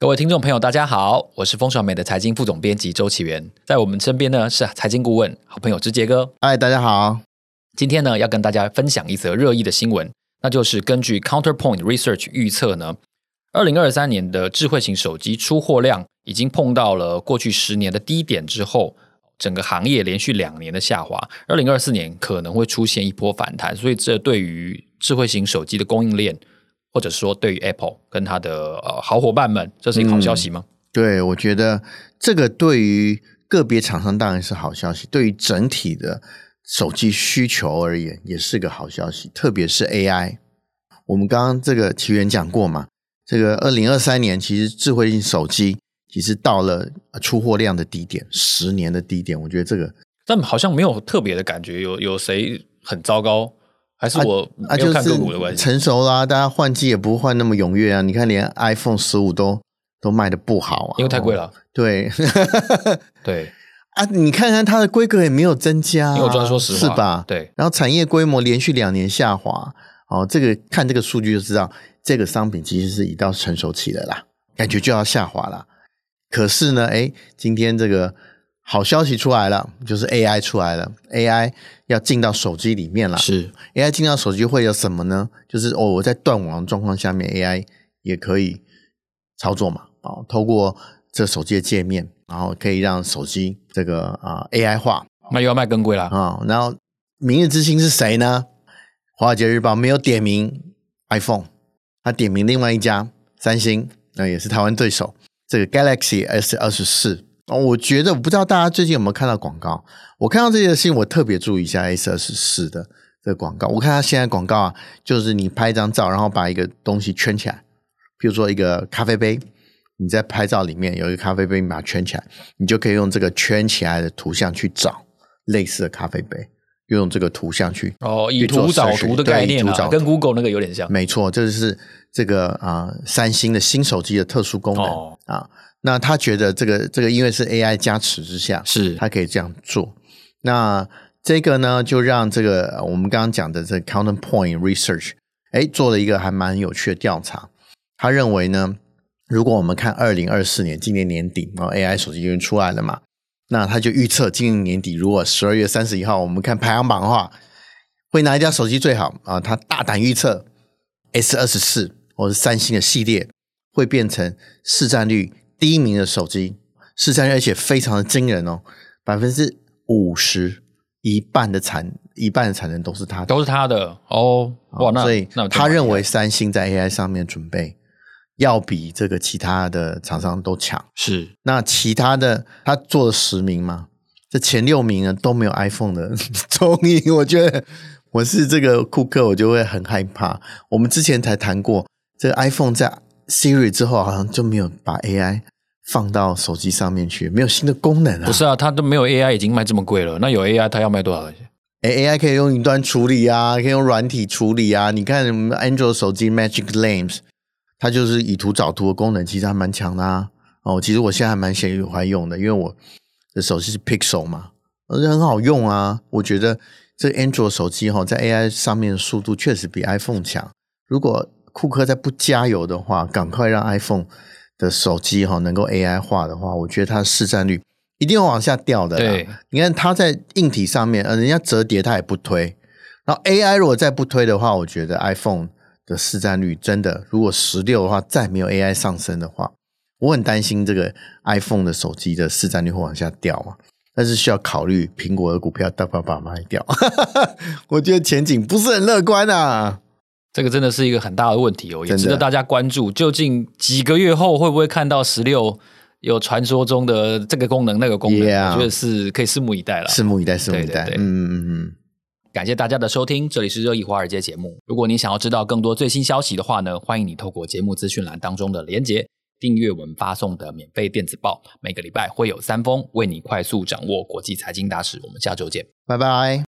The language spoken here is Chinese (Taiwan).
各位聽眾朋友，大家好，我是風傳媒的財經副總編輯周岐原，在我們身邊呢是財經顧問好朋友之杰哥。嗨，大家好，今天呢要跟大家分享一則熱議的新聞，那就是根據 Counterpoint Research 預測呢，二零二三年的智慧型手機出貨量已經碰到了過去十年的低點之後，整個行業連續兩年的下滑，二零二四年可能會出現一波反彈，所以這對於智慧型手機的供應鏈。或者說，對於 Apple 跟他的呃好夥伴們，這是一個好消息嗎？嗯，對，我覺得這個對於個別廠商當然是好消息，對於整體的手機需求而言也是個好消息。特別是 AI，我們剛剛這個岐原講過嘛，這個二零二三年其實智慧型手機其實到了出貨量的低點，十年的低點，我覺得這個，但好像沒有特別的感覺，有有誰很糟糕？還是我看啊，啊就是成熟啦、啊，大家換機也不換那麼踴躍啊。你看連15都，連 iPhone 十五都都賣得不好啊，因為太貴了、哦。對， 對啊，你看看它的規格也沒有增加、啊，因為我專說實話是吧？對，然後產業規模連續兩年下滑，哦，這個看這個數據就知道，這個商品其實是已到成熟期的啦，感覺就要下滑啦。可是呢，誒、欸、今天這個。好消息出來了，就是 AI 出來了，AI 要進到手機裡面了。是。AI 進到手機會有什麼呢？就是哦，我在斷網狀況下面，AI 也可以操作嘛。啊、哦，透過這手機的界面，然後可以讓手機這個啊、呃、AI 化。那又要賣更貴了啊、哦。然後明日之星是誰呢？華爾街日報沒有點名 iPhone，他點名另外一家三星，那、呃、也是台灣對手，這個 Galaxy S24。我覺得我不知道大家最近有沒有看到廣告。我看到這些信，我特別注意一下 S24 的這個廣告。我看它現在廣告啊，就是你拍一張照，然後把一個東西圈起來，比如說一個咖啡杯，你在拍照裡面有一個咖啡杯，你把它圈起來，你就可以用這個圈起來的圖像去找類似的咖啡杯，用這個圖像去，去水水哦，以圖找圖的概念、啊、跟 Google 那個有點像。沒錯，這、就是這個啊、呃，三星的新手機的特殊功能、哦、啊。那他覺得這個這個因為是 AI 加持之下，是他可以這樣做。那這個呢，就讓這個我們剛剛講的這個 Counterpoint Research，哎，做了一個還蠻有趣的調查。他認為呢，如果我們看二零二四年今年年底啊，AI 手機已經出來了嘛，那他就預測今年年底，如果十二月三十一號我們看排行榜的話，會哪一家手機最好啊？他大膽預測 S 二十四，或者三星的系列會變成市占率。第一名的手機是三星，而且非常的驚人哦，百分之五十，一半的產一半的產能都是他的，都是他的，是他的哦。哦哇，那所以那他認為三星在 AI 上面準備要比這個其他的廠商都強。是，那其他的他做了十名嘛，這前六名呢都沒有 iPhone 的蹤影。我覺得我是這個庫克，我就會很害怕。我們之前才談過這個 iPhone 在。Siri 之後好像就沒有把 AI 放到手機上面去，沒有新的功能啊？不是啊，它都沒有 AI 已經賣這麼貴了，那有 AI 它要賣多少錢？哎，AI 可以用雲端處理啊，可以用軟體處理啊。你看什麼 Android 手機 Magic Lames，它就是以圖找圖的功能，其實還蠻強的啊。哦，其實我現在還蠻喜歡用的，因為我的手機是 Pixel 嘛，而且很好用啊。我覺得這 Android 手機哈，在 AI 上面的速度確實比 iPhone 強。如果庫克再不加油的話，趕快讓 iPhone 的手機哈能夠 AI 化的話，我覺得它的市占率一定會往下掉的。對，你看它在硬體上面，呃，人家折疊它也不推，然後 AI 如果再不推的話，我覺得 iPhone 的市占率真的如果十六的話，再沒有 AI 上升的話，我很擔心這個 iPhone 的手機的市占率會往下掉啊。但是需要考慮蘋果的股票要不要把它賣掉？ 我覺得前景不是很樂觀啊。這個真的是一個很大的問題哦，也值得大家關注。的究竟幾個月後會不會看到十六有傳說中的這個功能那個功能？Yeah. 我覺得是可以拭目以待了。拭目以待，拭目以待。對對對嗯嗯嗯，感謝大家的收聽，這裡是《熱議華爾街》節目。如果你想要知道更多最新消息的話呢，歡迎你透過節目資訊欄當中的連結訂閱我們發送的免費電子報，每個禮拜會有三封，為你快速掌握國際財經大事。我們下周見，拜拜。